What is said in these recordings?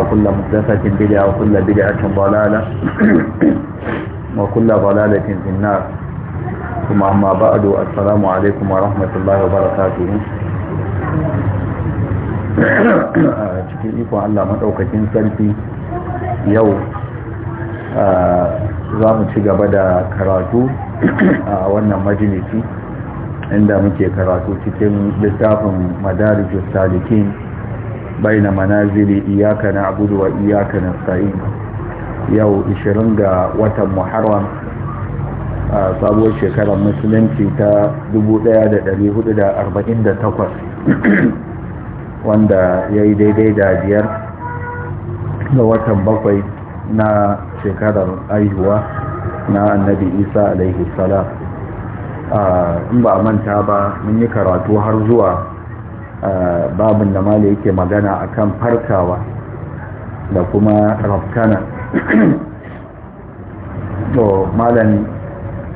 وكل محدثة بدعة وكل بدعة ضلالة وكل ضلالة في النار ثم أما بعد السلام عليكم ورحمة الله وبركاته cikin ikon Allah maɗaukakin sarki yau za mu ci gaba da karatu a wannan majalisi inda muke karatu cikin littafin madarijin salikin baina manazili iyaka na abudu wa iyaka na sa'in yau 20 ga watan muharram a sabuwar shekarar musulunci ta 1448 wanda ya yi daidai da biyar ga watan bakwai na shekarar aihuwa na annabi isa alaihi salam in ba a manta ba mun yi karatu har zuwa babin da mali yake magana akan farkawa da kuma rafkana to malam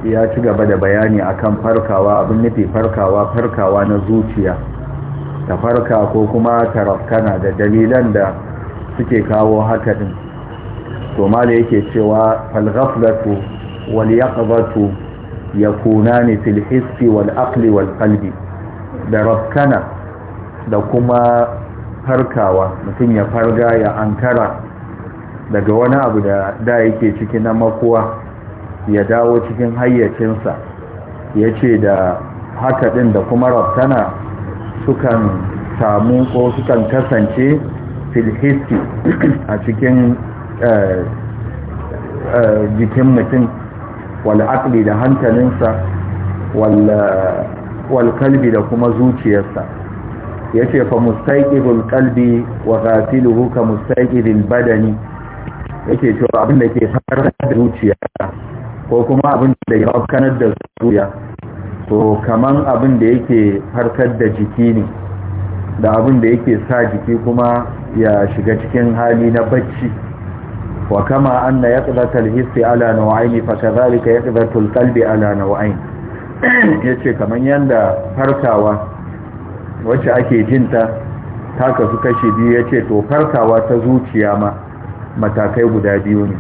ya ci gaba da bayani akan farkawa abin nufi farkawa farkawa na zuciya da farka ko kuma ta rafkana da dalilan da suke kawo haka din to mali yake cewa falghaflatu wal yaqdatu yakunani fil hissi wal aqli wal qalbi da rafkana da kuma farkawa mutum ya farga ya ankara daga wani abu da da yake ciki na makuwa ya dawo cikin hayyacinsa ya ce da haka ɗin da kuma rabtana sukan samu ko sukan kasance filhisti a cikin eh, eh, jikin mutum akli da hankalinsa eh, wal kalbi da kuma zuciyarsa Ya ce fa mustaqibul ƙalbi, wa ghatiluhu ka mustaqibil badani Ya ke cewa abin da ke farar da zuciya ko kuma abin da ya kanar da zuciya to kaman abin da ke harkar da jiki ne da abin da ke sa jiki kuma ya shiga cikin hali na bacci wa kama anna yaqdatu al-hissi ala naw'ayn fa kadhalika yaqdatu al-qalbi ala Ya ce kaman yanda farkawa wacce ake jinta ta kasu kashi biyu ya ce to farkawa ta zuciya ma matakai guda biyu ne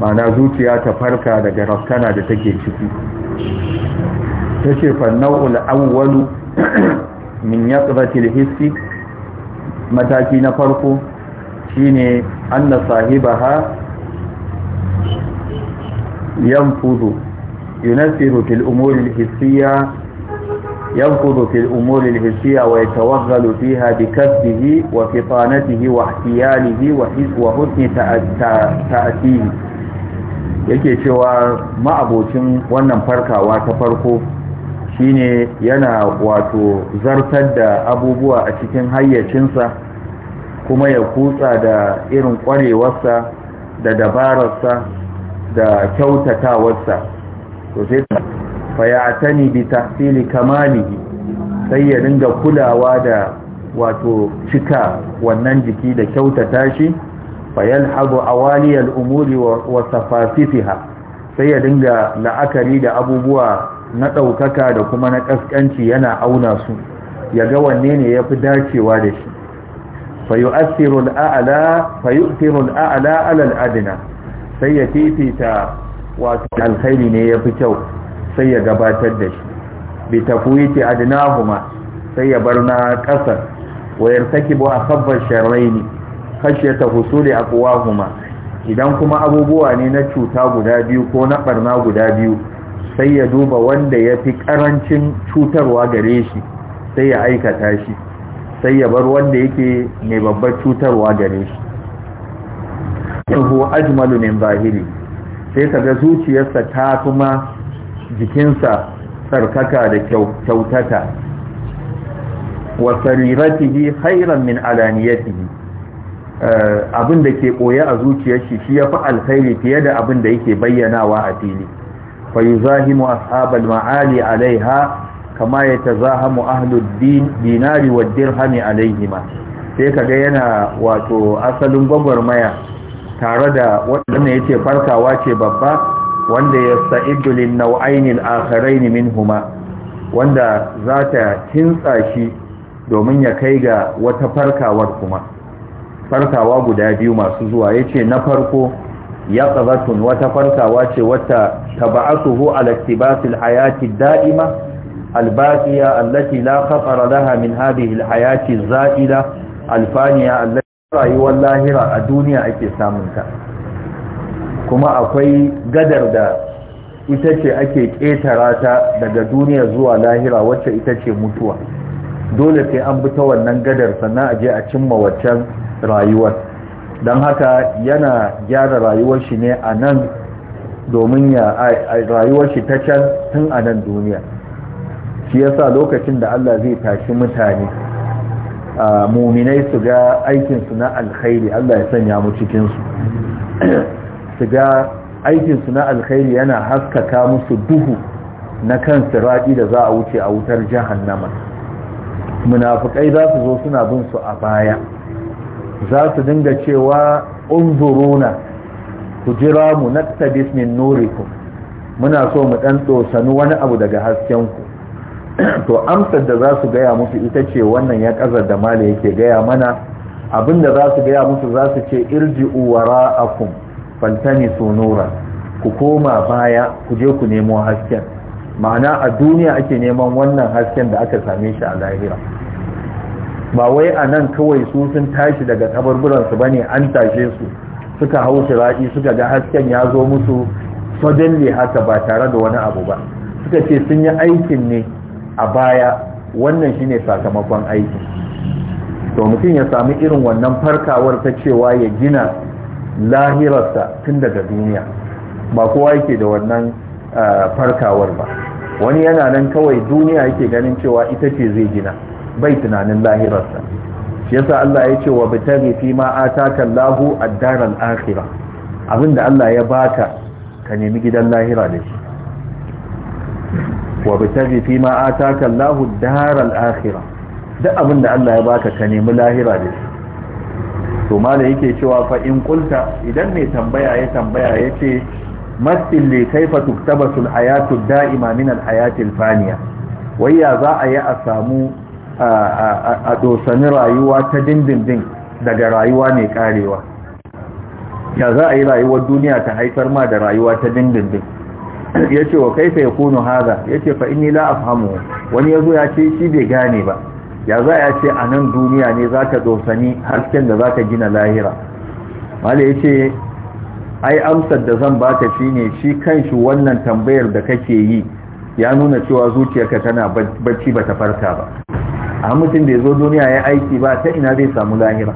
mana zuciya ta farka daga rafkana da take ciki ta ce fanna'ul awwalu min yaqbatil hissi mataki na farko shine anna sahibaha fudu yunasiru fil umuri al ينقض في الأمور الهسية ويتوغل فيها بكسبه وفطانته واحتياله وحسن تأتيه yake cewa ma'abocin wannan farkawa ta farko shine yana wato zartar da abubuwa a cikin hayyacinsa kuma ya kutsa da irin kwarewarsa da dabararsa da kyautatawarsa to sai fayatani bi tahsili kamalihi sai ya dinga kulawa da wato cika wannan jiki da kyautata shi fayalhabu awaliyal umuri wa safasifiha sai ya dinga la'akari da abubuwa na ɗaukaka da kuma na ƙasƙanci yana auna su ya ga wanne ne ya fi dacewa da shi fayu'assiru al'a'ala alal adana sai ya fifita wato alkhairi ne ya fi kyau sai ya gabatar da shi bi tafwiti adnahuma sai ya bar na kasar wayar takibu asabba sharraini khashyata husuli aqwahuma idan kuma abubuwa ne na cuta guda biyu ko na barna guda biyu sai ya duba wanda yafi fi karancin cutarwa gare shi sai ya aikata shi sai ya bar wanda yake mai babbar cutarwa gare shi yahu ajmalu min zahiri sai kaga zuciyarsa ta kuma jikinsa tsarkaka da kyautata wa sariratihi khairan min alaniyatihi eh, abin da ke koya a zuciyar shi shi yafi alkhairi fiye da abin da yake bayyanawa a fili fa yuzahimu ashabal ma'ali alaiha kama yatazahamu ahlud din dinari wad dirhami alaihima sai kaga yana wato asalin gwagwarmaya tare da wanda yace farkawa ce babba wanda ya sa'iddu lin nau'ainil min minhuma wanda za ta kintsa shi domin ya kai ga wata farkawar kuma farkawa guda biyu masu zuwa yace na farko ya tsabatun wata farkawa ce wata taba'asuhu hu iktibasil hayati da'ima albaqiya allati la khatara laha min hadhihi alhayati zaila alfaniya allati rayuwar lahira a duniya ake samunta kuma akwai gadar da ita ce ake ƙetara ta daga duniya zuwa lahira wacce ita ce mutuwa dole sai an bi ta wannan gadar sannan a je a cimma waccan rayuwar don haka yana gyara rayuwar shi ne a nan domin ya rayuwar shi ta can tun a nan duniya shi yasa lokacin da Allah zai tashi mutane muminai su ga aikinsu na alkhairi Allah ya sanya mu cikinsu su ga aikinsu na alkhairi yana haskaka musu duhu na kan siradi da za a wuce a wutar jahannama munafukai za su zo suna bin su a baya za su dinga cewa unzuruna ku jira mu naktabis min muna so mu dan dosanu wani abu daga hasken ku to amsar da za su gaya musu ita ce wannan ya kazar da mali yake gaya mana abinda za su gaya musu za su ce irji'u wara'akum faltani nura ku koma baya ku je ku nemo hasken ma'ana a duniya ake neman wannan hasken da aka same shi a lahira ba wai a nan kawai su sun tashi daga tabarburansu ba ne an tashe su suka hau shiraki suka ga hasken ya zo musu suddenly haka ba tare da wani abu ba suka ce sun yi aikin ne a baya wannan shine sakamakon aiki to mutum ya sami irin wannan farkawar ta cewa ya gina lahirarsa tun daga duniya ba kowa yake da wannan farkawar ba wani yana nan kawai duniya yake ganin cewa ita ce zai gina bai tunanin lahirarsa shi yasa Allah ya ce wa bitari fi ma ataka Allahu ad-dar al-akhirah abinda Allah ya baka ka nemi gidan lahira da shi wa bitari fi ma ataka Allahu ad-dar al-akhirah duk abinda Allah ya baka ka nemi lahira da shi to ma yake cewa fa in kulta idan mai tambaya ya tambaya ya ce mastin ne kaifa tuktabasul hayatu da'ima min alhayatil faniya wai za a yi a samu a dosani rayuwa ta dindindin daga rayuwa mai karewa ya za a yi rayuwar duniya ta haifar ma da rayuwa ta dindindin ya ce wa kaifa ya kunu haza ya ce fa inni la afhamu wani ya zo ya ce shi bai gane ba ya za a ce a nan duniya ne za ka dosani hasken da za ka gina lahira mala ya ce ai amsar da zan baka shi ne shi kanshi wannan tambayar da kake yi ya nuna cewa zuciyarka tana bacci bata farka ba a mutum da ya zo duniya ya aiki ba ta ina zai samu lahira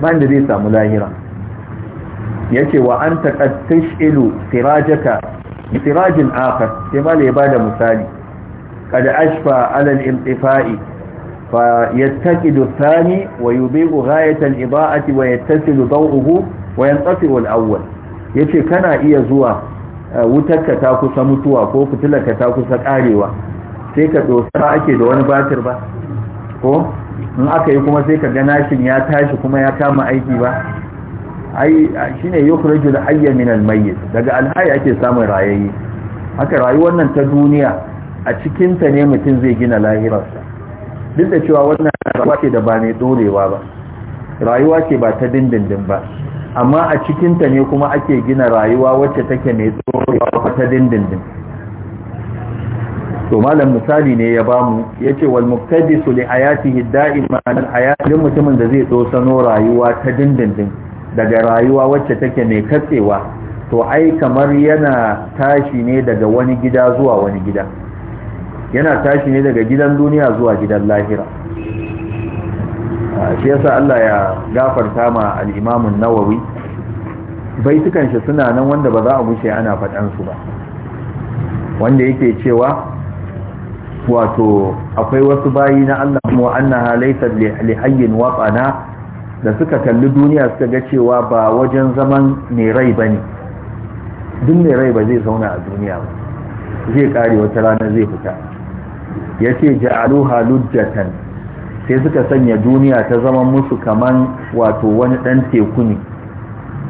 ba inda zai samu lahira ya ce wa an taƙattish ilu sirajaka sirajin akar sai ya ba da misali kada ashfa alal intifa'i فيتكد الثاني ويبيغ غاية الإضاءة ويتسل ضوءه وينطفئ الأول يتي كان إيا زوا وتك تاكس متوا كوفتلك تاكس كاريوا سيكا دوسرا أكيد وانا باتر با ko in aka yi kuma sai ka ga nashin ya tashi kuma ya kama aiki ba ai shine yukhriju al-hayya min al daga al ake samun rayayi haka rayuwar nan ta duniya a cikinta ne mutum zai gina lahirar duk da cewa wannan rayuwa ce da ba mai dorewa ba rayuwa ce ba ta dindindin ba amma a cikinta ne kuma ake gina rayuwa wacce take mai dorewa ba ta dindindin to malam misali ne ya bamu yace wal muqtadisu li hayatihi da'ima al hayat mutumin da zai sano rayuwa ta dindindin daga rayuwa wacce take mai katsewa to ai kamar yana tashi ne daga wani gida zuwa wani gida yana tashi ne daga gidan duniya zuwa gidan lahira ah, shi yasa Allah ya gafarta ma al-Imam nawawi baitukan shi suna nan wanda ba za a mushe ana faɗan su ba wanda yake cewa wato akwai wasu bayi na Allah kuma annaha laysa li hayyin waqana da suka kalli duniya suka ga cewa ba wajen zaman mai rai bane duk mai rai ba zai zauna a duniya ba zai kare wata rana zai fita ya ce ja'aluha lujjatan sai suka sanya duniya ta zama musu kaman wato wani ɗan teku ne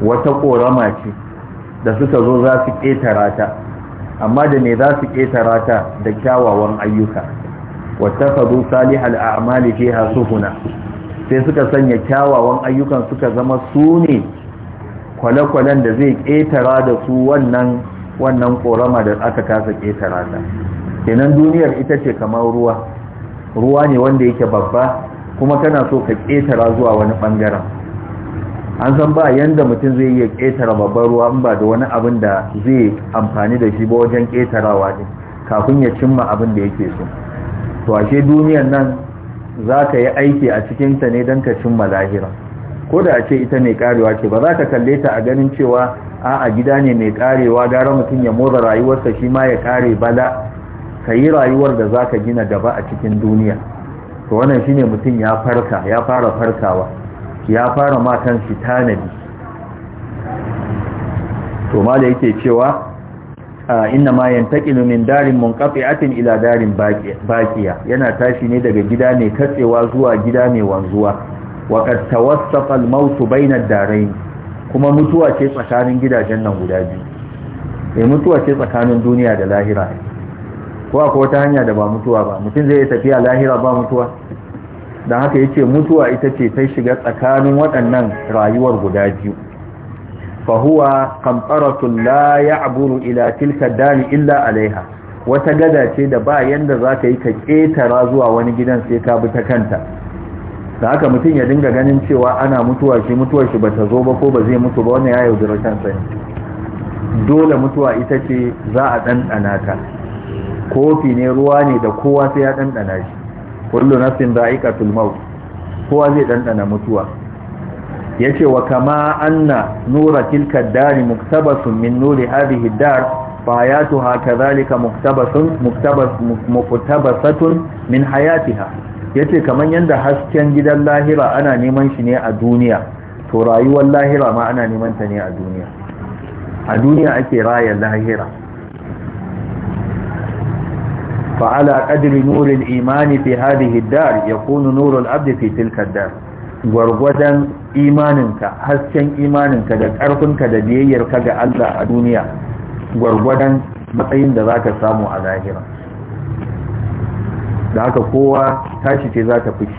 wata ƙorama ce da suka zo za su ƙetara ta amma da me za su ƙetara ta da kyawawan ayyuka wata faru salihal a'amali fiha suhuna sai suka sanya kyawawan ayyukan suka zama su ne kwale-kwalen da zai ƙetara da su wannan wannan ƙorama da aka kasa ƙetara ta kenan duniyar ita ce kamar ruwa ruwa ne wanda yake babba kuma kana so ka ƙetara zuwa wani ɓangaren an san ba yadda mutum zai iya ƙetara babban ruwa ba da wani abin da zai amfani da shi ba wajen ƙetarawa ne kafin ya cimma abin da yake so to ashe duniyar nan za ka yi aiki a cikinta ne don ka cimma lahira ko da a ce ita mai karewa ce ba za ka kalle ta a ganin cewa a gida ne mai karewa gara mutum ya motsa rayuwarsa shi ma ya kare bala ka yi rayuwar da za ka gina gaba a cikin duniya to wannan shine mutum ya farka ya fara farkawa ya fara matan shi tanadi to ma da yake cewa inna ma yantaqilu min darin munqati'atin ila darin baqiya yana tashi ne daga gida mai katsewa zuwa gida mai wanzuwa wa qad tawassafa al-maut bayna ad kuma mutuwa ce tsakanin gidajen nan guda biyu eh mutuwa ce tsakanin duniya da lahira ko akwai wata hanya da ba mutuwa ba mutum zai tafiya lahira ba mutuwa don haka yace mutuwa ita ce ta shiga tsakanin waɗannan rayuwar guda biyu fahuwa kamfaratun la ya aburu ila tilka dani illa alaiha wata gada ce da ba yanda za ka yi ka ƙetara zuwa wani gidan sai ka bi ta kanta da haka mutum ya dinga ganin cewa ana mutuwa shi mutuwar shi ba ta zo ba ko ba zai mutu ba wani ya yaudara kansa ne dole mutuwa ita ce za a ɗanɗana ta kofi ne ruwa ne da kowa sai ya ɗanɗana shi kullu nafsin da'iqatul maut kowa zai ɗanɗana mutuwa yace wa kama anna nura tilka dari muktabasun min nuri hadhihi dar fa kadhalika muktabasun muktabas muktabasatun min hayatiha yace kaman yanda hasken gidan lahira ana neman shi ne a duniya to rayuwar lahira ma ana neman ta ne a duniya a duniya ake raya lahira Fa'ala, قدر نور الإيمان في هذه الدار يكون نور العبد في gwargwadon imaninka hasken imaninka da ƙarfinka da biyayyarka ga Allah a duniya gwargwadon matsayin da za ka samu a lahira da haka kowa tashi ce za ta fice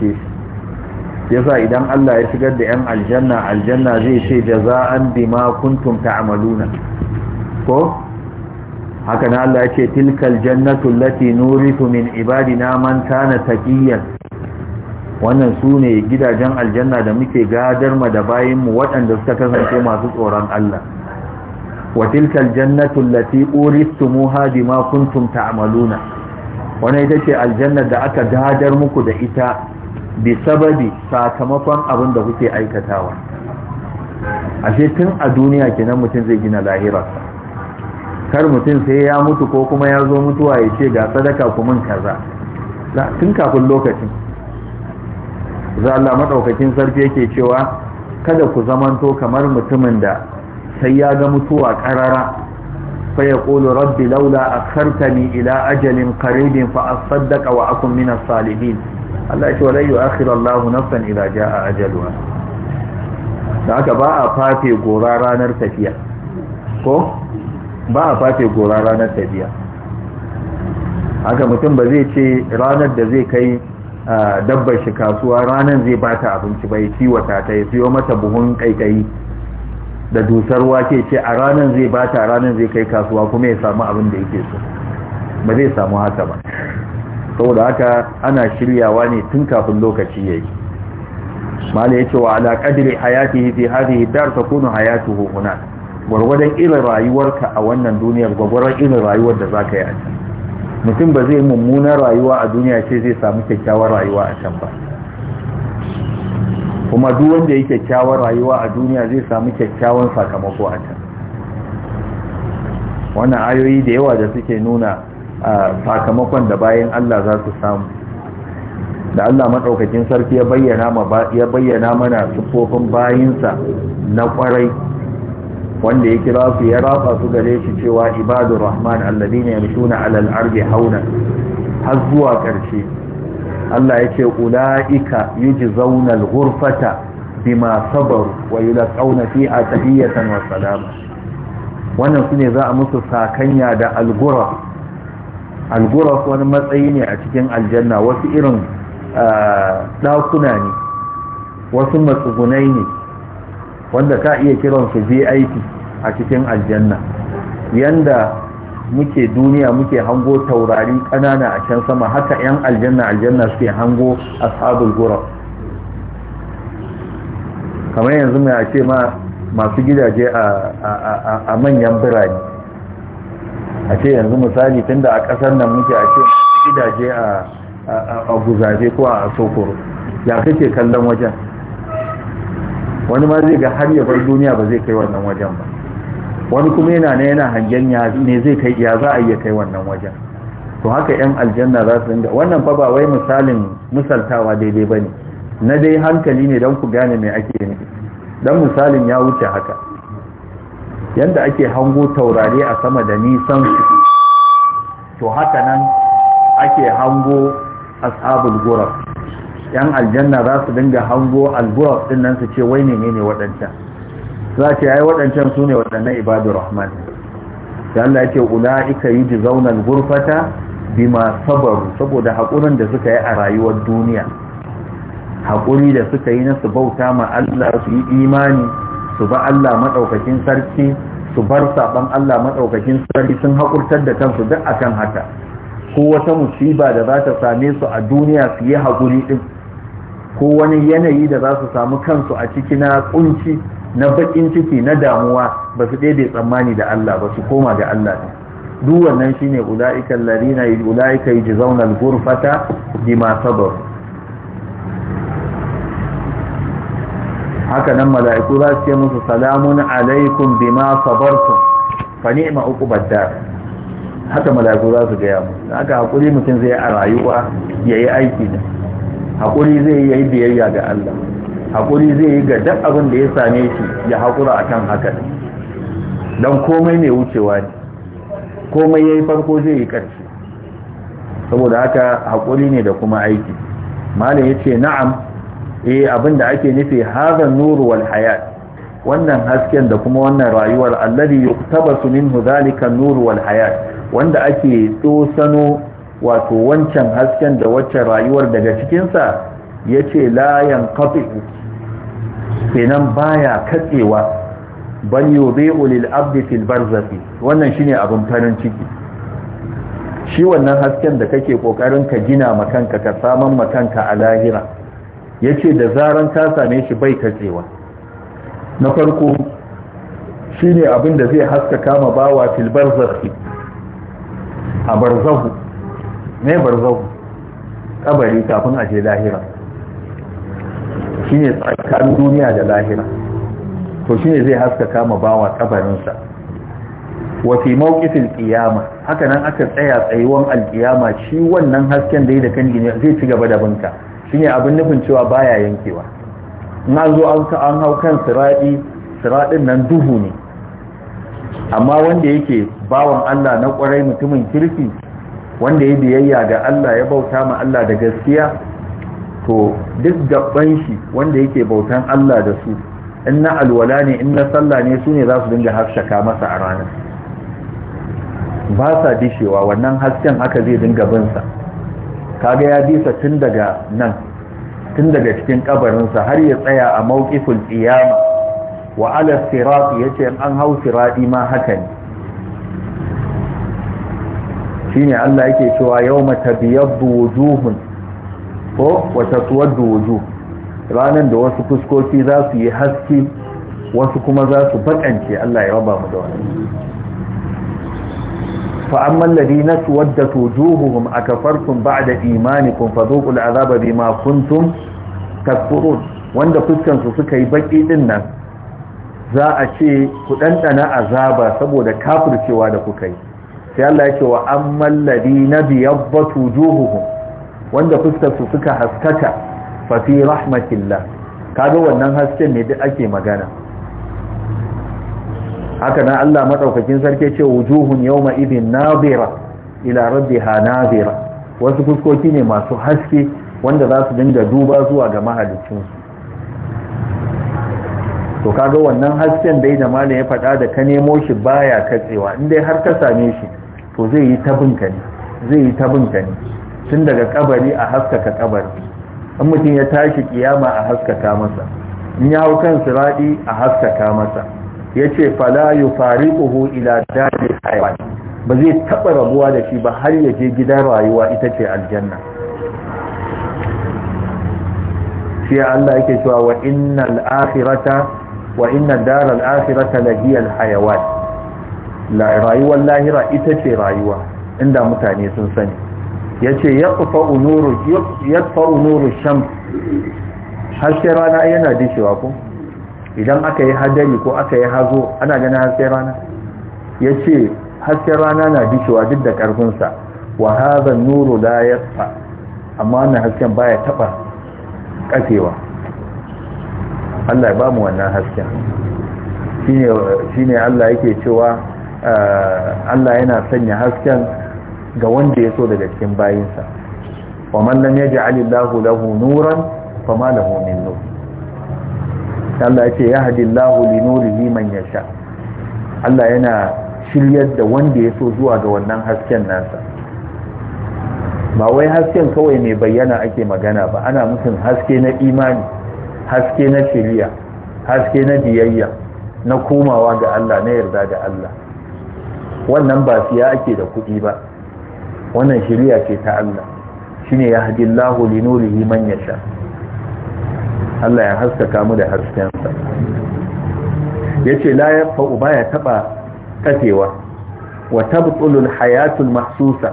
shi yasa idan Allah ya shigar da 'yan aljanna aljanna zai ce jaza'an bima kuntum ta'maluna ko haka na Allah ya ce tilkal jannatu lati nuritu min ibadina man kana taqiyan wannan su ne gidajen aljanna da muke gadar ma da bayanmu waɗanda suka kasance masu tsoron Allah wa tilkal jannatu allati uristumuha bima kuntum ta'maluna wannan ita ce aljanna da aka gadar muku da ita bi sababi sakamakon abin da kuke aikatawa ashe tun a duniya kenan mutum zai gina lahirarsa kar mutum sai ya mutu ko kuma ya zo mutuwa ya ce ga sadaka kuma kaza tun kafin lokacin za Allah madaukakin sarki yake cewa kada ku zamanto kamar mutumin da sai ya ga mutuwa karara Faya yaqulu rabbi laula a akhartani ila ajalin qaribin fa asaddaqa wa akun min as-salihin Allah ce wala yu'akhiru Allahu nafsan idza a ajaluha da haka ba a fafe gora ranar tafiya ko ba a fashe gora ranar tabiya haka mutum ba zai ce ranar da zai kai dabbar shi kasuwa ranar zai ba ta abinci bai ci wata ta ya siyo mata buhun kaikayi da dusar wake ce a ranar zai ba ta ranar zai kai kasuwa kuma ya samu abin da yake so ba zai samu haka ba saboda haka ana shiryawa ne tun kafin lokaci ya yi mala ya ce wa ala ƙadiri hayati fi hidar dar kuna hayatu hukunan gwargwadon irin rayuwarka a wannan duniyar gwargwadon irin rayuwar da za ka yi a can mutum ba zai mummunan rayuwa a duniya ce zai samu kyakkyawar rayuwa a can ba kuma duk wanda ya kyakkyawar rayuwa a duniya zai samu kyakkyawan sakamako a can wannan ayoyi da yawa da suke nuna sakamakon da bayan Allah za su samu da Allah maɗaukakin sarki ya bayyana mana siffofin bayinsa na kwarai. wanda ya kira su ya rafa su gare shi cewa ibadur rahman ne yamshuna ala alal ardi hauna har zuwa karshe Allah yake ulaika yujzauna al-ghurfata bima sabaru wa yulqauna fiha tahiyatan wa salama wannan sune za a musu sakanya da al-ghuraf al wani matsayi ne a cikin aljanna wasu irin dakuna ah, ne wasu matsugunai ne wanda ka iya kiransu vip a cikin aljanna yanda muke duniya muke hango taurari kanana a can sama haka 'yan aljanna aljanna suke hango ashabul gurab kamar yanzu mai ce ma masu gidaje a manyan birane a ce yanzu misali tunda a kasar nan muke a ce gidaje a guzaje ko a sokoro ya kake kallon wajen wani ma zai ga har ya bar duniya ba zai kai wannan wajen ba wani kuma yana ne yana hangen ya ne zai kai ya za a iya kai wannan wajen to haka yan aljanna za su dinga wannan fa ba wai misalin misaltawa daidai ne na dai hankali ne don ku gane me ake nufi dan misalin ya wuce haka yanda ake hango taurare a sama da nisan su to haka nan ake hango ashabul gurab yan aljanna za su dinga hango alguwa din nan su ce wai menene waɗancan za ce ai waɗancan su ne waɗannan ibadu rahman da Allah ya ce ula'ika yi ji zaunar gurfata bima sabaru saboda haƙurin da suka yi a rayuwar duniya haƙuri da suka yi na su bauta ma Allah su yi imani su ba Allah maɗaukakin sarki su bar saɓan Allah maɗaukakin sarki sun haƙurtar da kansu duk akan haka ko wata musiba da za ta same su a duniya su yi haƙuri ɗin ko wani yanayi da za su samu kansu a ciki na kunci na bakin ciki na damuwa ba su ɗaya tsammani da Allah ba su koma ga Allah ne duk wannan shine ulaiikal ladina ulaiika yajzauna al-ghurfata bima sabar haka nan mala'iku za su ce musu salamun alaikum bima sabartum fa ni'ma uqubad dar haka mala'iku za su ga ya mu haka hakuri mutum zai a rayuwa yayi aiki ne hakuri zai yi biyayya ga Allah haƙuri zai yi ga duk abin da ya same shi ya haƙura akan haka don komai mai wucewa ne komai yayi farko zai yi ƙarshe saboda haka haƙuri ne da kuma aiki malam yace na'am eh abinda ake nufi hazan nuru wal hayat wannan hasken da kuma wannan rayuwar alladhi yuktabasu minhu dhalika nuru wal hayat wanda ake tsosano wato wancan hasken da waccan rayuwar daga cikinsa ya ce layan kafi kenan baya katsewa Banyobe, yudhi'u abdi fil barzakhi wannan ne abin farin ciki shi wannan hasken da kake ƙoƙarin ka gina makanka ka saman makanka a lahira yace da zaran ka same shi bai katsewa na farko shine abin da zai haskaka ma bawa Filbar Zafi. a barzahu me barzau kabari kafin a je lahira shine tsakanin duniya da lahira to shine zai haskaka ma bawa kabarinsa wa fi mawqifil haka nan aka tsaya tsayuwan alqiyama shi wannan hasken da yake kan gine zai ci gaba da banka shine abin nufin cewa baya yankewa na zo an ka an hau kan siradi siradin nan duhu ne amma wanda yake bawan Allah na kwarai mutumin kirki wanda ya biyayya ga Allah ya bauta ma Allah da gaskiya to duk gaban shi wanda yake bautan Allah da su in alwala ne in na sallah ne sune ne za su dinga hafshaka masa a ranar ba sa dishewa wannan hasken haka zai dinga bin sa. kaga ya bisa tun daga nan tun daga cikin ƙabarinsa har ya tsaya a mawqiful qiyama wa ala sirati yace an hau sirati ma haka ne shine Allah yake cewa yawma tabyaddu wujuhun ko wa taswaddu wujuh ranar da wasu fuskoki za su yi haske wasu kuma za su bakance Allah ya raba mu da wannan fa amma alladhina tawaddat wujuhuhum akafartum ba'da imanikum fadhuqu al'adhaba bima makuntun takfurun wanda fuskan suka yi baki din nan za a ce ku dandana azaba saboda kafircewa da kuka yi sai Allah ya ce wa ammal ladina biyabbatu wujuhuhum wanda fuskar suka haskaka fa fi rahmatillah kaga wannan hasken ne duk ake magana haka nan Allah madaukakin sarki ce wujuhun yawma idin nadira ila rabbiha nadira wasu fuskoki ne masu haske wanda za su dinga duba zuwa ga mahalicinsu to kaga wannan hasken dai da malam ya faɗa da ka nemo shi baya katsewa in dai har ka same shi to zai yi tabinka ne zai yi tabinka ne tun daga kabari a haskaka kabari an mutum ya tashi kiyama a haskaka masa in ya hau kan siradi a haskaka masa ya ce fala yu fariquhu ila dari hayawan ba zai taɓa rabuwa da shi ba har ya je gidan rayuwa ita ce aljanna shi Allah yake cewa wa innal akhirata wa innad daral akhirata lahiyal hayawan rayuwar lahira ita ce rayuwa inda mutane sun sani ya ce ya fa'u nuru sham haske rana yana dishewa ko idan aka yi hadari ko aka yi hazo ana gani haske rana ya ce haske rana na dishewa duk da ƙarfinsa wa haza nuru da ya amma wannan hasken baya taɓa ƙasewa Allah ya ba mu wannan hasken shine Allah yake cewa Allah yana sanya hasken ga wanda ya so daga cikin bayinsa wa man lam ji Allahu lahu nuran fama lahu min nur Allah ya yahdi Allahu li nurihi man yasha Allah yana shiryar da wanda ya so zuwa ga wannan hasken nasa ba wai hasken kawai mai bayyana ake magana ba ana mutum haske na imani haske na shiriya haske na biyayya na komawa ga Allah na yarda da Allah wannan ba siya ake da kuɗi ba wannan shari'a ce ta Allah shine yahdillahu linurihi man sha Allah ya haskaka mu da Ya yace la yafa ya taɓa katewa wa tabtulul hayatul mahsusa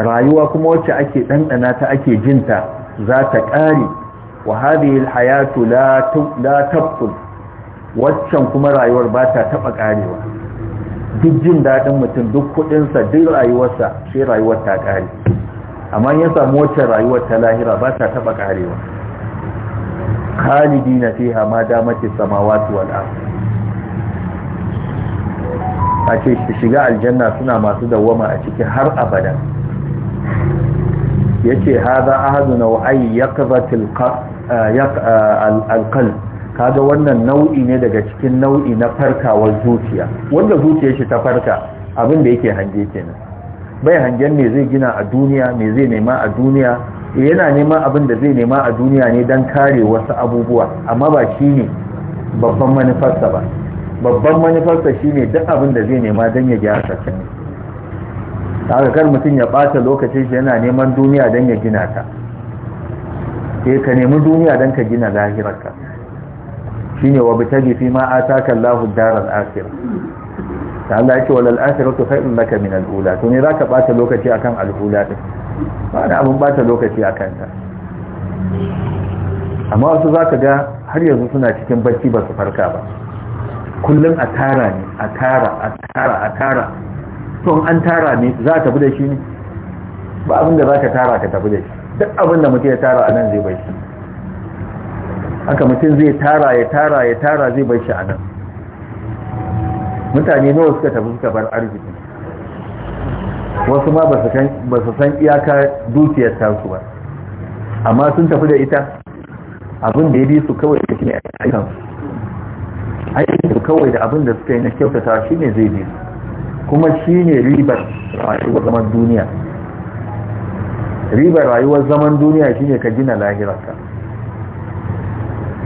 rayuwa kuma wacce ake dandana ta ake jinta za ta kare wa hadhihi hayatu la la waccan kuma rayuwar ba ta taɓa ƙarewa duk jin daɗin mutum duk kuɗinsa duk rayuwarsa shi rayuwar ta ƙare amma ya samu wacce rayuwar ta lahira ba ta taɓa ƙarewa khalidi na fi hama samawa samawatu wal a ce shiga aljanna suna masu dawwama a ciki har abada yace hadha ahaduna wa ay yaqzatil qalb kaga wannan nau'i ne daga cikin nau'i na farkawar zuciya wanda zuciya shi ta farka abin da yake hange kenan bai hangen me zai gina a duniya me zai nema a duniya eh, yana neman abin da zai nema a duniya ne don kare wasu abubuwa amma ba shi ne babban manufarsa ba babban manufarsa shi ne duk abin da zai nema don ya gyara sassan ne kar mutum ya ɓata lokacin shi yana neman duniya don ya gina ta sai eh, ka nemi duniya don ka gina lahirarka shine wa bitagi fi ma ataka Allahu daral akhirah ta Allah yake walal akhiratu khairun laka min al-ula to ne zaka bata lokaci akan al-ula din ba da abun bata lokaci akan ta amma wasu zaka ga har yanzu suna cikin barci ba su farka ba kullum a tara ne a tara a tara a tara to an tara ne za ka tafi da shi ne ba abin da za ka tara ka tafi da shi duk abin da mutum ya tara a nan zai bai shi haka mutum zai tara ya tara ya tara zai bai shi a nan mutane nawa suka tafi suka bar arziki wasu ma ba su san iyaka dukiyar tasu ba amma sun tafi da ita abin da ya bi su kawai da shine ne aikan aikin su kawai da abin da suka yi na kyautata shi ne zai bi kuma shi ne ribar rayuwar zaman duniya ribar rayuwar zaman duniya shi ne ka gina lahirarka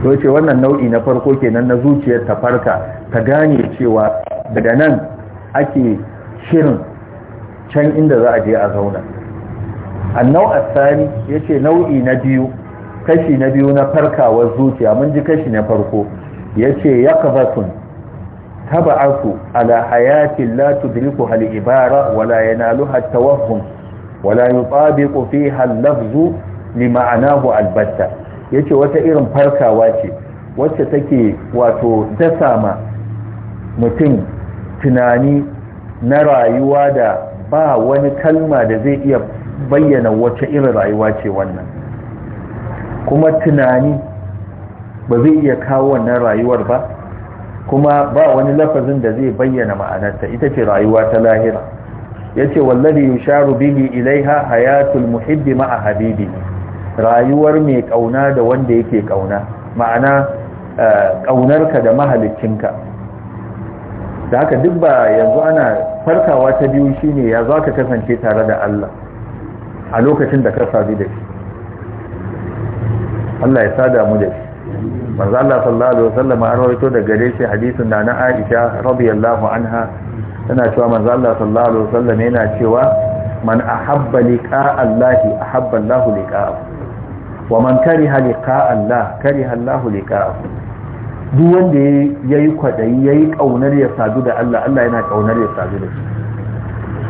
to ce wannan nau'i na farko kenan na zuciyar ta farka ta gane cewa daga nan ake shirin can inda za a je a zauna annau asani yace nau'i na biyu kashi na biyu na farkawar zuciya mun ji kashi na farko yace yaqbatun taba'atu ala hayatin la tudriku hal ibara wala yanaluha tawahhum wala yutabiqu fiha al ni li ma'anahu albatta yace wata irin farkawa ce wacce take wato dasa ma mutum tunani na rayuwa da ba wani kalma da zai iya bayyana wacce irin rayuwa ce wannan kuma tunani ba zai iya kawo wannan rayuwar ba kuma ba wani lafazin da zai bayyana ma'anarta ita ce rayuwa ta lahira yace wallazi yusharu bihi ilaiha hayatul muhibbi ma'a habibi rayuwar mai kauna da wanda yake kauna ma'ana kaunarka eh, da mahalicinka da haka duk ba yanzu ana farkawa ta biyu shine ya za ka kasance tare da Allah a lokacin da ka sadu da shi Allah ya sada mu da shi manzo Allah sallallahu alaihi wasallam an rawaito da gare shi hadisin da na Aisha radiyallahu anha tana cewa manzo Allah sallallahu alaihi wasallam yana cewa man ahabba liqa Allah ahabba Allah liqa'ahu wa man kariha liqa Allah kariha Allah liqa'ahu duk wanda yayi kwadayi yayi kaunar ya sadu da Allah Allah yana kaunar ya sadu da shi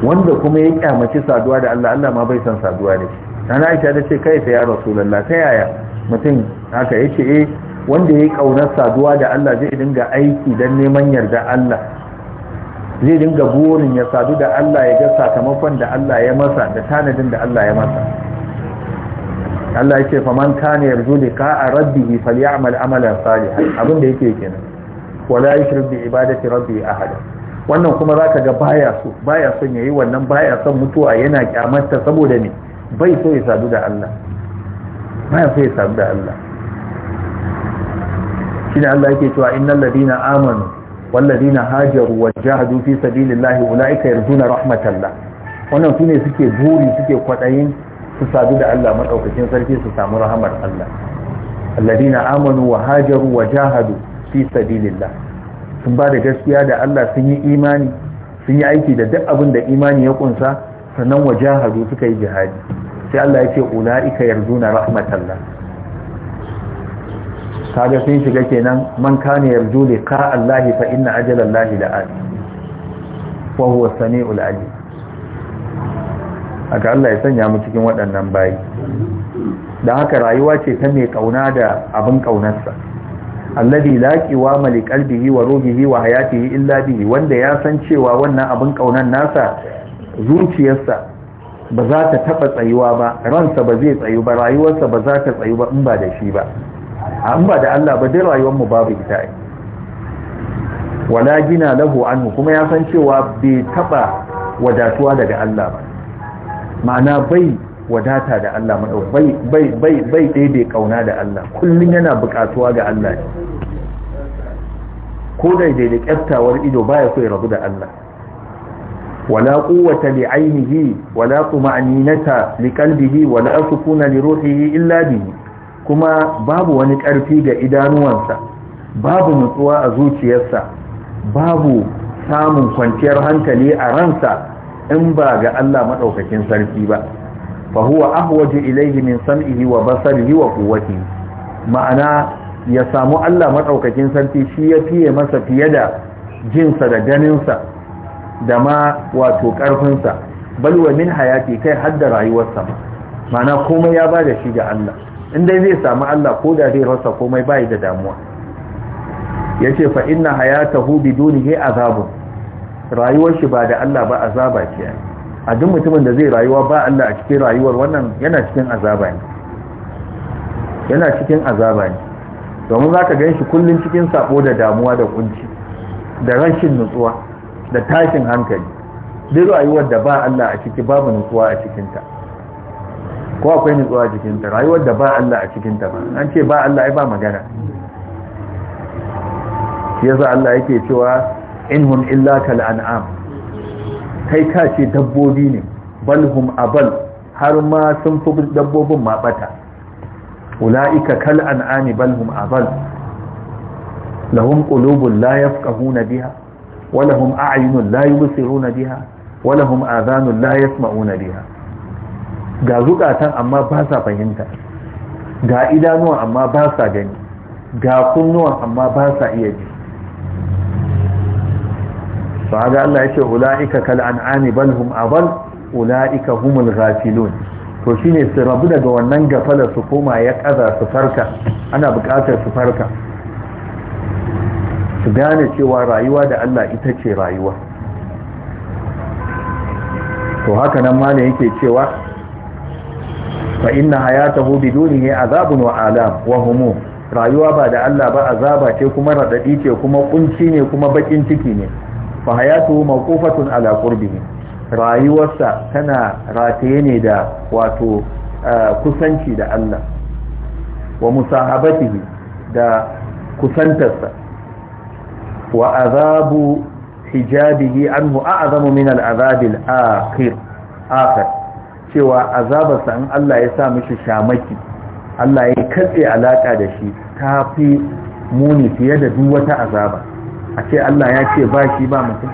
wanda kuma ya kyamaci saduwa da Allah Allah ma bai san saduwa da dan aisha ta ce kai fa ya rasulullah ta yaya mutum haka yace eh wanda yayi kaunar saduwa da Allah zai dinga aiki dan neman yarda Allah zai dinga burin ya sadu da Allah ya ga sakamakon da Allah ya masa da tanadin da Allah ya masa Allah yake faman kana yarju liqa'a rabbih falyamal amalan salihan abin da yake kenan wala yushrik bi ibadati rabbih ahada wannan kuma zaka ga baya so baya son yayi wannan baya son mutuwa yana kyamarta saboda ne bai so ya sadu da Allah baya so ya sadu da Allah shine Allah yake cewa innal ladina amanu wal ladina hajaru wajahadu fi sabilillahi ulaika yarjuna rahmatallah wannan sune suke buri suke kwadayin su sadu da Allah maɗaukacin sarki su samu rahamar Allah alladina amanu wa hajaru wa jahadu fi sabilillah sun ba da gaskiya da Allah sun yi imani sun yi aiki da duk abin da imani ya kunsa sannan wa jahadu suka yi jihadi sai Allah ya ce ulaika yarjuna rahmatallah kaga sun shiga kenan man kana yarju liqa Allah fa inna ajala Allah la'at wa huwa samiul alim haka Allah ya sanya mu cikin waɗannan bayi don haka rayuwa ce ta mai kauna da abin kaunarsa alladhi la qiwama li qalbihi wa ruhihi wa hayatihi illa bihi wanda ya san cewa wannan abin kaunar nasa zuciyarsa ba za ta taba tsayuwa ba ransa ba zai tsayu ba rayuwarsa ba za ta tsayu ba in ba da shi ba in ba da Allah ba dai rayuwar mu babu ita ai wala gina lahu anhu kuma ya san cewa bai taba wadatuwa daga Allah ba ma'ana bai wadata da Allah bai bai bai bai kauna da Allah kullun yana bukatuwa ga Allah dai ko da kyaftawar ido baya so ya rabu da Allah wala quwwata li ainihi wala tuma'ninata li qalbihi wala sukuna li ruhihi illa bihi kuma babu wani karfi ga idanuwansa babu nutsuwa a zuciyarsa babu samun kwanciyar hankali a ransa in ba ga Allah madaukakin sarki ba fa huwa ahwaju ilayhi min sam'ihi wa basarihi wa quwwati ma'ana ya samu Allah madaukakin sarki shi ya fiye masa fiye da jinsa da ganinsa da ma wato karfinsa bal wa min hayati kai har da rayuwarsa ma'ana komai ya bada shi ga Allah in dai zai samu Allah ko da zai rasa komai bai da damuwa yace fa inna hayatahu bidunihi azabun rayuwar shi ba da Allah ba azaba ce a duk mutumin da zai rayuwa ba Allah a cikin rayuwar wannan yana cikin azaba ne yana cikin azaba ne domin zaka gan shi kullun cikin sabo da damuwa da kunci da rashin nutsuwa da tashin hankali duk rayuwar da ba Allah a ciki babu nutsuwa a cikin ta ko akwai nutsuwa a cikin ta rayuwar da ba Allah a cikin ta ba an ce ba Allah ai ba magana yasa Allah yake cewa inhum illa kal an'am kai ka ce dabbobi ne balhum abal har ma sun fi dabbobin ma bata ulaika kal an'ami balhum abal lahum qulubun la yafqahuna biha wa lahum a'yunun la yubsiruna biha wa lahum adhanun la yasma'una biha ga zukatan amma ba sa fahimta ga idanuwa amma ba sa gani ga kunnuwa amma ba sa iya ji to haka Allah ya ce ula'ika kal an'ami bal hum abal ula'ika humul ghafilun to shine su rabu daga wannan gafalar su koma ya kaza su farka ana buƙatar su farka su gane cewa rayuwa da Allah ita ce rayuwa to haka nan ma ne yake cewa fa inna hayatahu bidunihi azabun wa alam wa humum rayuwa ba da Allah ba azaba ce kuma radadi ce kuma kunci ne kuma bakin ciki ne fa hayatuhu mawqufatun ala qurbihi rayuwarsa tana rataye ne da wato kusanci da Allah wa musahabatihi da kusantarsa wa azabu hijabihi anhu a'zamu min al'azabi al-akhir cewa azabarsa in Allah ya sa mishi shamaki Allah ya katse alaka da shi ta fi muni fiye da duk wata azaba a ce Allah ya ce ba shi ba mutum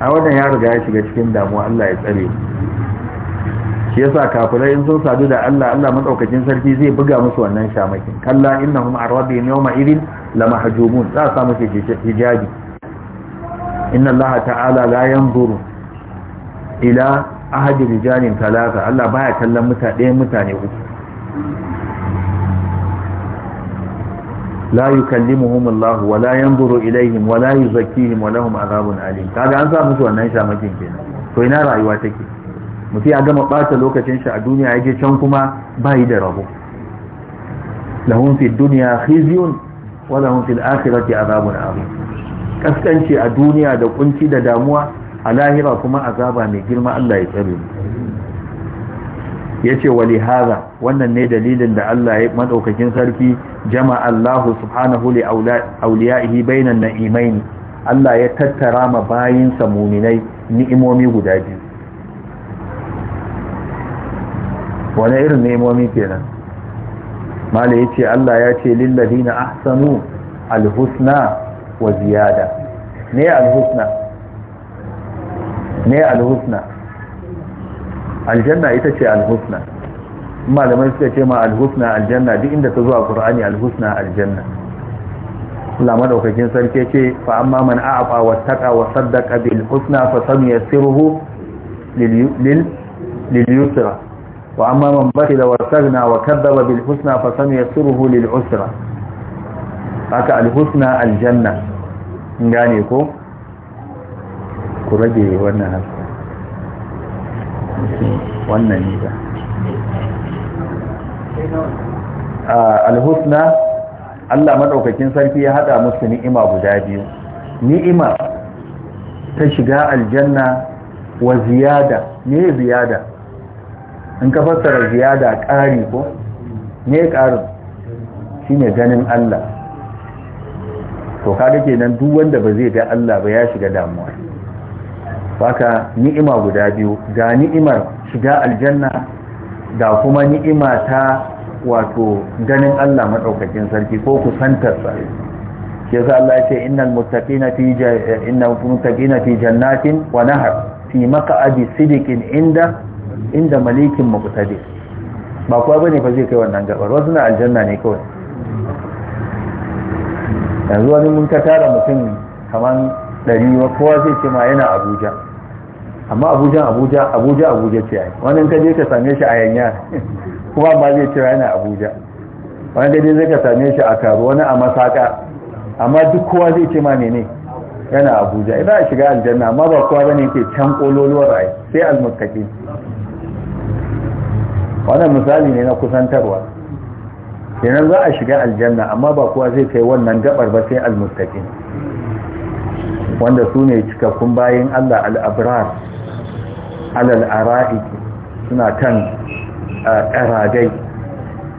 a wannan ya riga ya shiga cikin damuwa Allah ya tsare shi yasa kafirai in sun sadu da Allah Allah madaukakin sarki zai buga musu wannan shamakin kalla innahum arwabihim yawma idin lamahjumun za sa musu hijabi inna Allah ta'ala la yanzuru ila ahadi rijalin talaka Allah baya kallon mutane mutane uku la kalli Allah wa la yanzuru ilaihim wa la yuzakkihim wa lahum azabun alim kaga an sa su wannan shamakin kenan to ina rayuwa take mutum a gama bata lokacin shi a duniya yake can kuma bai da rabo lahum fid dunya khizyun wa lahum fil azabun azim kaskanci a duniya da ƙunci da damuwa a lahira kuma azaba mai girma Allah ya tsare mu yace wali hadha wannan ne dalilin da Allah ya maɗaukakin sarki jama Allah subhanahu li awliyaihi bainan na'imain Allah ya tattara ma bayinsa muminai ni'imomi guda biyu wani irin ni'imomi kenan mala yace Allah ya ce lil ladina ahsanu husna wa ziyada ne alhusna ne aljanna ita ce alhusna malamai suka ce ma alhusna aljanna duk inda ta zuwa qur'ani alhusna aljanna Allah madaukakin sarki ce fa amma man a'afa wattaqa wa saddaqa bil husna fa samyasiruhu lil lil yusra wa amma man bakhila wastaghna wa kadzdzaba bil husna fa samyasiruhu lil usra haka alhusna aljanna gane ko ku rage wannan wannan nisa alhusna Allah maɗaukakin sarki ya haɗa musu ni'ima guda biyu ni'ima ta shiga aljanna wa ziyada ne ziyada in ka fassara ziyada ƙari ko ne ƙarin shi ne ganin Allah to kaga kenan duk wanda ba zai ga Allah ba ya shiga damuwa baka ni'ima guda biyu ga ni'imar shiga aljanna da kuma ni'ima ta wato ganin Allah madaukakin sarki ko kusantar sa ke za Allah ya ce innal muttaqina fi innal muttaqina fi jannatin wa nahar fi maq'adi sidiqin inda inda malikin muqtadir ba kuwa bane ba zai kai wannan gabar wasu na aljanna ne kawai yanzu wani mun ka tara mutum kaman ɗari kowa zai ce ma yana abuja amma abuja abuja abuja abuja ce ai wannan ka je ka same shi a yanya kuma ba zai cira yana abuja wani ka je zai ka same shi a karu wani a masaka amma duk kowa zai ce ma nene yana abuja idan a shiga aljanna amma ba kowa bane ke can kololuwar rai sai almuttaqin wannan misali ne na kusantarwa kenan za a shiga aljanna amma ba kowa zai kai wannan gabar ba sai almuttaqin wanda su ne cikakkun bayan Allah al-abrar alal ara'i suna kan ƙaragai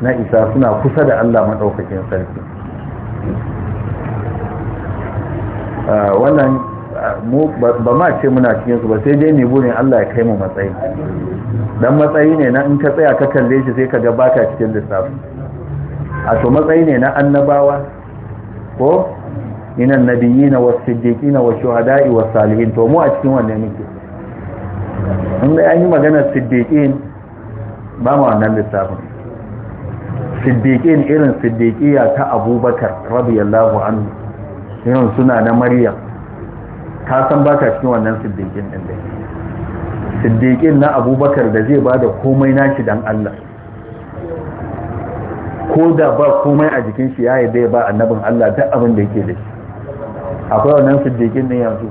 na isa suna kusa da Allah maɗaukakin sarki wannan ba ma ce muna cikinsu ba sai dai ne burin Allah ya kai mu matsayi don matsayi ne na in ka tsaya ka kalle shi sai ka ga baka cikin lissafi a to matsayi ne na annabawa ko inan nabiyina was na wasu shuhada'i was salihin to mu a cikin wannan muke in da an yi maganar siddiƙin ba ma wannan lissafin siddiƙin irin siddiƙiya ta abubakar yallahu an irin suna na maryam ka san ba ka cikin wannan siddiƙin ɗin dai siddiƙin na abubakar da zai ba da komai shi don allah ko da ba komai a jikin shi ya yi zai ba annabin allah ta abin da yake da shi akwai wannan siddiƙin ɗin yanzu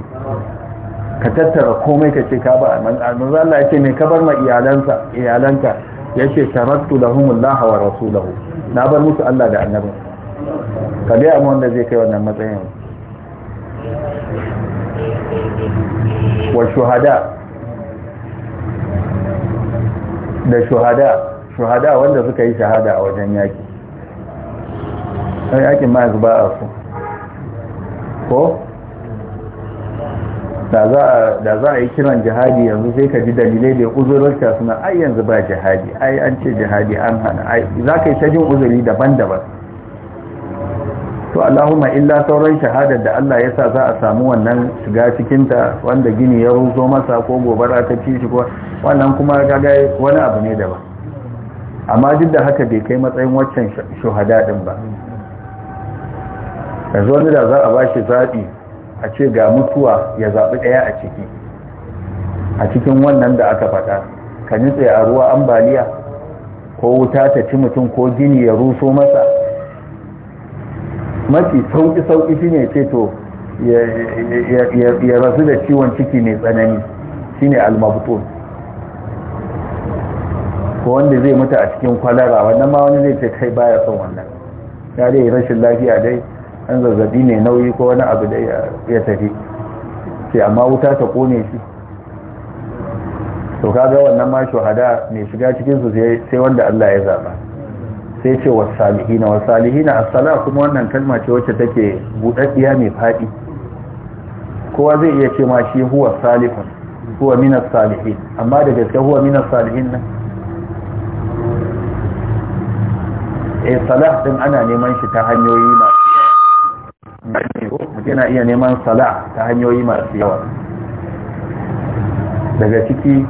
ka tattara komai ka ce ka ba manzo Allah ya ce me ka bar ma iyalansa iyalanka ya ce tarattu lahumullaha wa rasulahu na bar musu Allah da annabi ka biya amma wanda zai kai wannan matsayin wa shuhada da shuhada shuhada wanda suka yi shahada a wajen yaki yakin ma ba a su ko da za a yi kiran jihadi yanzu sai ka ji dalilai da uzurarta suna ai yanzu ba jihadi ai an ce jihadi an hana ai za ka yi ta jin uzuri daban-daban to allahumma illa sauran shahadar da allah ya sa za a samu wannan shiga cikinta wanda gini ya ruzo masa ko gobara ta ci shi ko wannan kuma gaga wani abu ne daban amma duk da haka bai kai matsayin waccan shuhada din ba yanzu wani da za a bashi zaɓi a ce ga mutuwa ya zaɓi ɗaya a ciki a cikin wannan da aka faɗa ka nutse a ruwa ambaliya ko wuta ta ci mutum ko gini ya ruso masa mafi sauƙi-sauƙi shi ne ce to ya rasu da ciwon ciki mai tsanani shi ne almabutun ko wanda zai mutu a cikin kwalara wannan ma wani zai ce kai baya son wannan ya dai rashin lafiya dai an zazzabi ne nauyi ko wani abu da ya tafi ce amma wuta ta kone shi to kaga wannan ma shuhada mai shiga cikin su sai wanda Allah ya zaba sai ce wasalihina wasalihina assala kuma wannan kalma ce wacce take budaddiya mai fadi kowa zai iya ce ma shi huwa salihun huwa min as-salihin amma da gaske huwa min as-salihin nan eh salah din ana neman shi ta hanyoyi na yana iya neman sala ta hanyoyi masu yawa daga ciki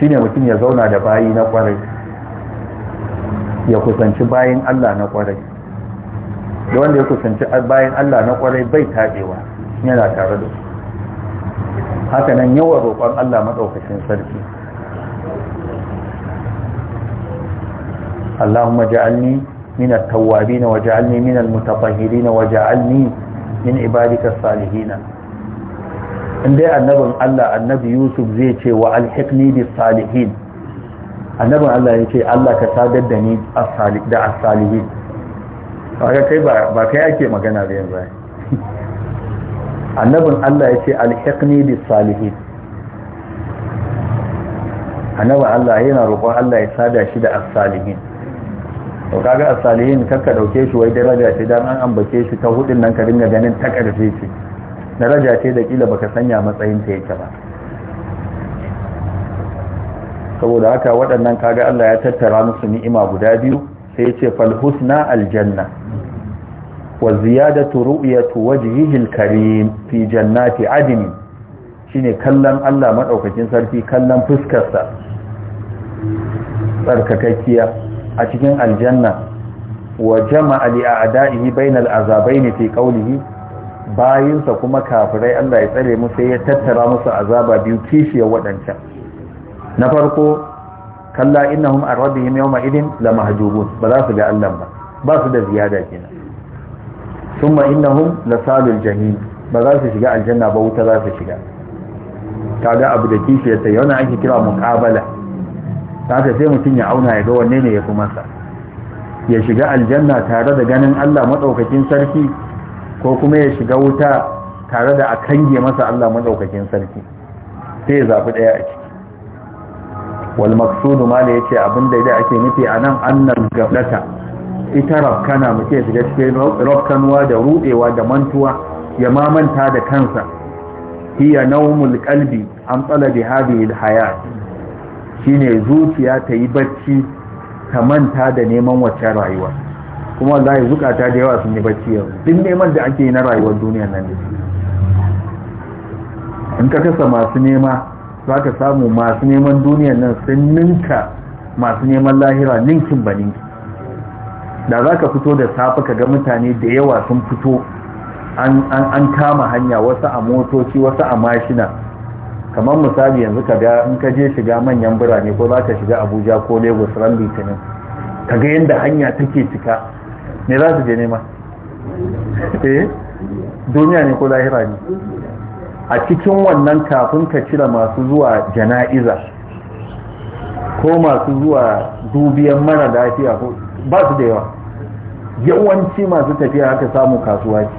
shine mutum ya zauna da bayi na kwarai ya kusanci bayin Allah na kwarai da wanda ya kusanci bayin Allah na kwarai bai taɗewa yana tare da su haka nan yawan roƙon Allah maɗaukacin sarki Allahumma ja'alni من التوابين واجعلني من المتطهرين واجعلني من عبادك الصالحين in dai annabin Allah annabi Yusuf zai ce wa alhiqni bis salihin annabin Allah ya ce Allah ka sadar da ni da as-salihin kaga kai ba ba kai ake magana da yanzu annabin Allah ya ce salihin Allah yana roƙon Allah ya sada shi a salihin to kaga as-salihin kakka dauke shi wai daraja ce dan an ambace shi ta hudin nan ka dinga ganin ta karfe ce daraja ce da kila baka sanya matsayin ta yake ba saboda haka waɗannan kaga Allah ya tattara musu ni'ima guda biyu sai ya ce fal husna aljanna wa ziyadatu ru'yatu wajhihi alkarim fi jannati adn shine kallon Allah madaukakin sarki kallon fuskar sa tsarkakakkiya a cikin aljanna wa jama'a li a'da'ihi bainal azabaini fi qawlihi bayinsa kuma kafirai Allah ya tsare sai ya tattara musu azaba biyu kishiya waɗancan na farko kalla innahum an rabbihim yawma idin la mahjubun ba za su ga Allah ba ba su da ziyada kenan thumma innahum la salul jahim ba za su shiga aljanna ba wuta za su shiga kaga abu da kishiyarta yana ake kira muqabala haka sai mutum ya auna ya ga wanne ne ya fi masa ya shiga aljanna tare da ganin Allah maɗaukakin sarki ko kuma ya shiga wuta tare da a kange masa Allah maɗaukakin sarki sai ya zafi ɗaya a ciki wal maksudu ya ce abin da ake nufi anan annal gaflata ita rafkana muke shiga cikin rafkanuwa da ruɗewa da mantuwa ya mamanta da kansa hiya naumul kalbi, an tsala bi hadhihi al hayat shine zuciya ta yi bacci ta manta da neman wacce rayuwa kuma zai zukata da yawa sun yi bacci yau duk neman da ake yi na rayuwar duniya nan ne in ka kasa masu nema za ka samu masu neman duniya nan sun ninka masu neman lahira ninkin ba ninki da za ka fito da safe ka ga mutane da yawa sun fito an kama hanya wasu a motoci wasu a mashina kamar misali yanzu ka ga in ka je shiga manyan birane ko za ka shiga abuja ko lagos ran litinin ka ga yadda hanya take cika ne za su je nema eh duniya ne ko lahira ne a cikin wannan kafin ka cire masu zuwa jana'iza ko masu zuwa dubiyan mara lafiya ko ba su da yawa yawanci masu tafiya haka samu kasuwa ce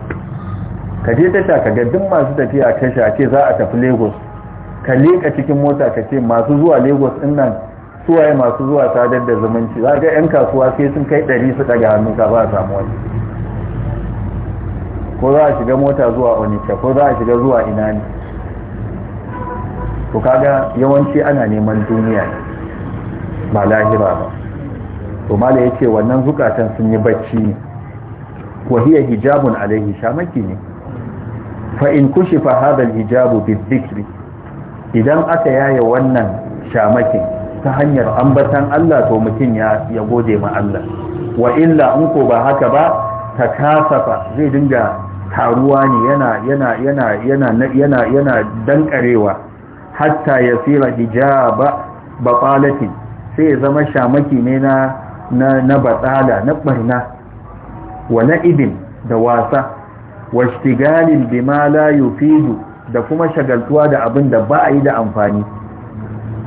ka je tasha ka ga duk masu tafiya tasha ce za a tafi lagos ka leka cikin mota ka ce masu zuwa lagos din nan suwaye masu zuwa sadar da zumunci za ga 'yan kasuwa sai sun kai ɗari su ɗaga hannu ka ba samu wani ko za a shiga mota zuwa onitsha ko za a shiga zuwa ina ne to kaga yawanci ana neman duniya ne ba lahira ba to mala wannan zukatan sun yi bacci wa hiya hijabun alaihi shamaki ne fa in kushi fa kushifa hijabu bi bizikri idan aka yaye wannan shamakin ta hanyar ambatan Allah to mutum ya gode ma Allah wa illa in ko ba haka ba ta kasafa zai dinga taruwa ne yana yana yana yana yana yana dankarewa hatta ya fira hijaba batalati sai ya zama shamaki ne na na na batala na barna wa na idin da wasa wa ishtigalin bima la yufidu da kuma shagaltuwa da abin da ba a yi da amfani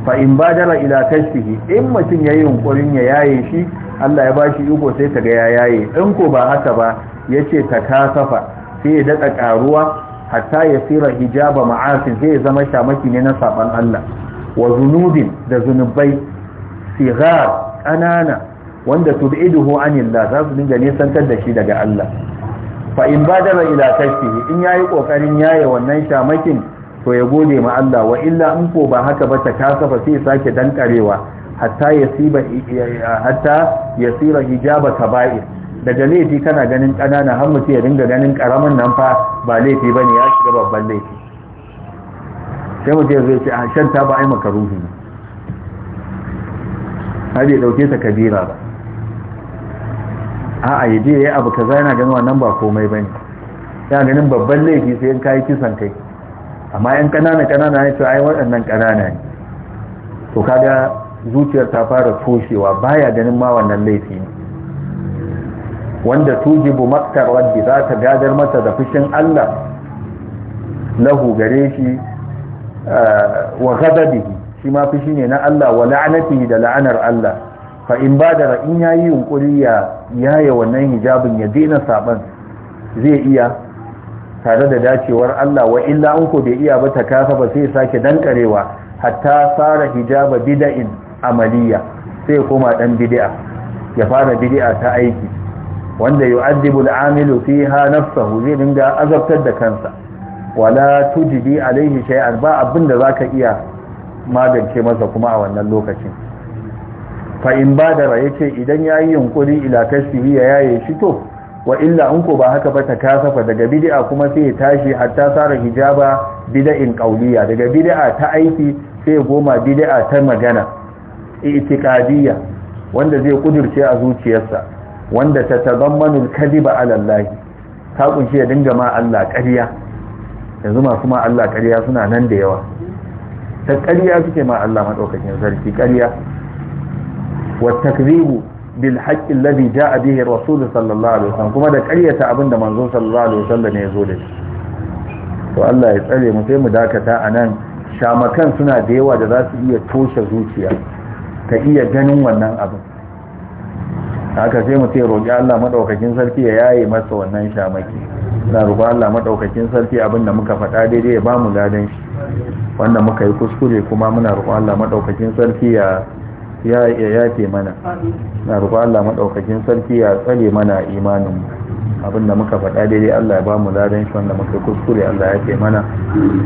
fa in badara ila kashfihi in mutum yayi yunkurin ya yaye shi Allah ya bashi iko sai ga ya yaye in ko ba haka ba yace ta kasafa sai ya dada karuwa hatta ya tsira hijaba ma'asin sai ya zama shamaki ne na saban Allah wa zunubin da zunubai sigar ƙanana wanda tub'iduhu anillah za su dinga nisantar da shi daga Allah fa in badara ila kashfihi in yayi kokarin yaye wannan shamakin to ya gode ma Allah wa illa in ko ba haka ba ta kasafa sai sake dankarewa hatta yasiba hatta yasira hijaba kaba'ir daga laifi kana ganin kanana har mutum ya dinga ganin karamin nan fa ba laifi bane ya shiga babban laifi sai mutum zai ce a ah, shan ta ba ai makaruhi ne hadi dauke ta kabira ba a'a ya je ya abu kaza yana gani wannan ba komai bane yana ganin babban laifi sai in kai kisan kai amma yan kanana kanana ne to ai waɗannan kanana ne to kaga zuciyar ta fara toshewa baya ganin ma wannan laifi ne wanda tujibu maktar rabbi za ta gadar mata da fushin Allah lahu gare shi eh, wa shi ma fushi ne na Allah wa la'anatihi da la'anar Allah fa in badara in yayi yunkuri ya yaya wannan hijabin ya daina saban zai iya tare da dacewar Allah wa illa an ko bai iya ba ta kasa ba sai sake dankarewa hatta fara hijaba bid'in amaliya sai kuma dan bid'a ya fara bid'a ta aiki wanda yu'addibu al fiha nafsahu zai dinga azabtar da kansa wala tujibi alaihi shay'an ba abinda zaka iya magance masa kuma a wannan lokacin fa in ra yace idan yayi yunkuri ila kashfi ya yaye shi to wa illa in ko ba haka ba ta kasafa daga bid'a kuma sai ya tashi hatta sara hijaba bid'in qawliya daga bid'a ta aiki sai ya goma bid'a ta magana i'tiqadiyya wanda zai kudurce a zuciyarsa wanda ta tazammanu al-kadhiba ala Allah ta kunshi ya dinga ma Allah ƙarya yanzu masu ma Allah ƙarya suna nan da yawa ta ƙarya suke ma Allah madaukakin sarki ƙarya والتكذيب بالحق الذي جاء به الرسول صلى الله عليه وسلم كما ده قريته abin da manzon sallallahu alaihi wasallam ya zo da shi to Allah ya tsare mu sai mu dakata anan shamakan suna da yawa da zasu iya toshe zuciya ta iya ganin wannan abin haka sai mu sai roƙi Allah madaukakin sarki ya yaye masa wannan shamaki na roƙi Allah madaukakin sarki abinda muka faɗa daidai ya ba mu ladan shi wanda muka yi kuskure kuma muna roƙi Allah madaukakin sarki ya ya yafe mana na roƙo Allah maɗaukakin sarki ya tsare mana imanin mu abin da muka faɗa daidai Allah ya ba mu ladan shi wanda muka kuskure Allah ya ce mana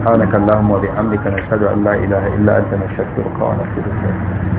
subhanakallahumma wa bihamdika nashhadu an la ilaha illa anta nastaghfiruka wa natubu ilayk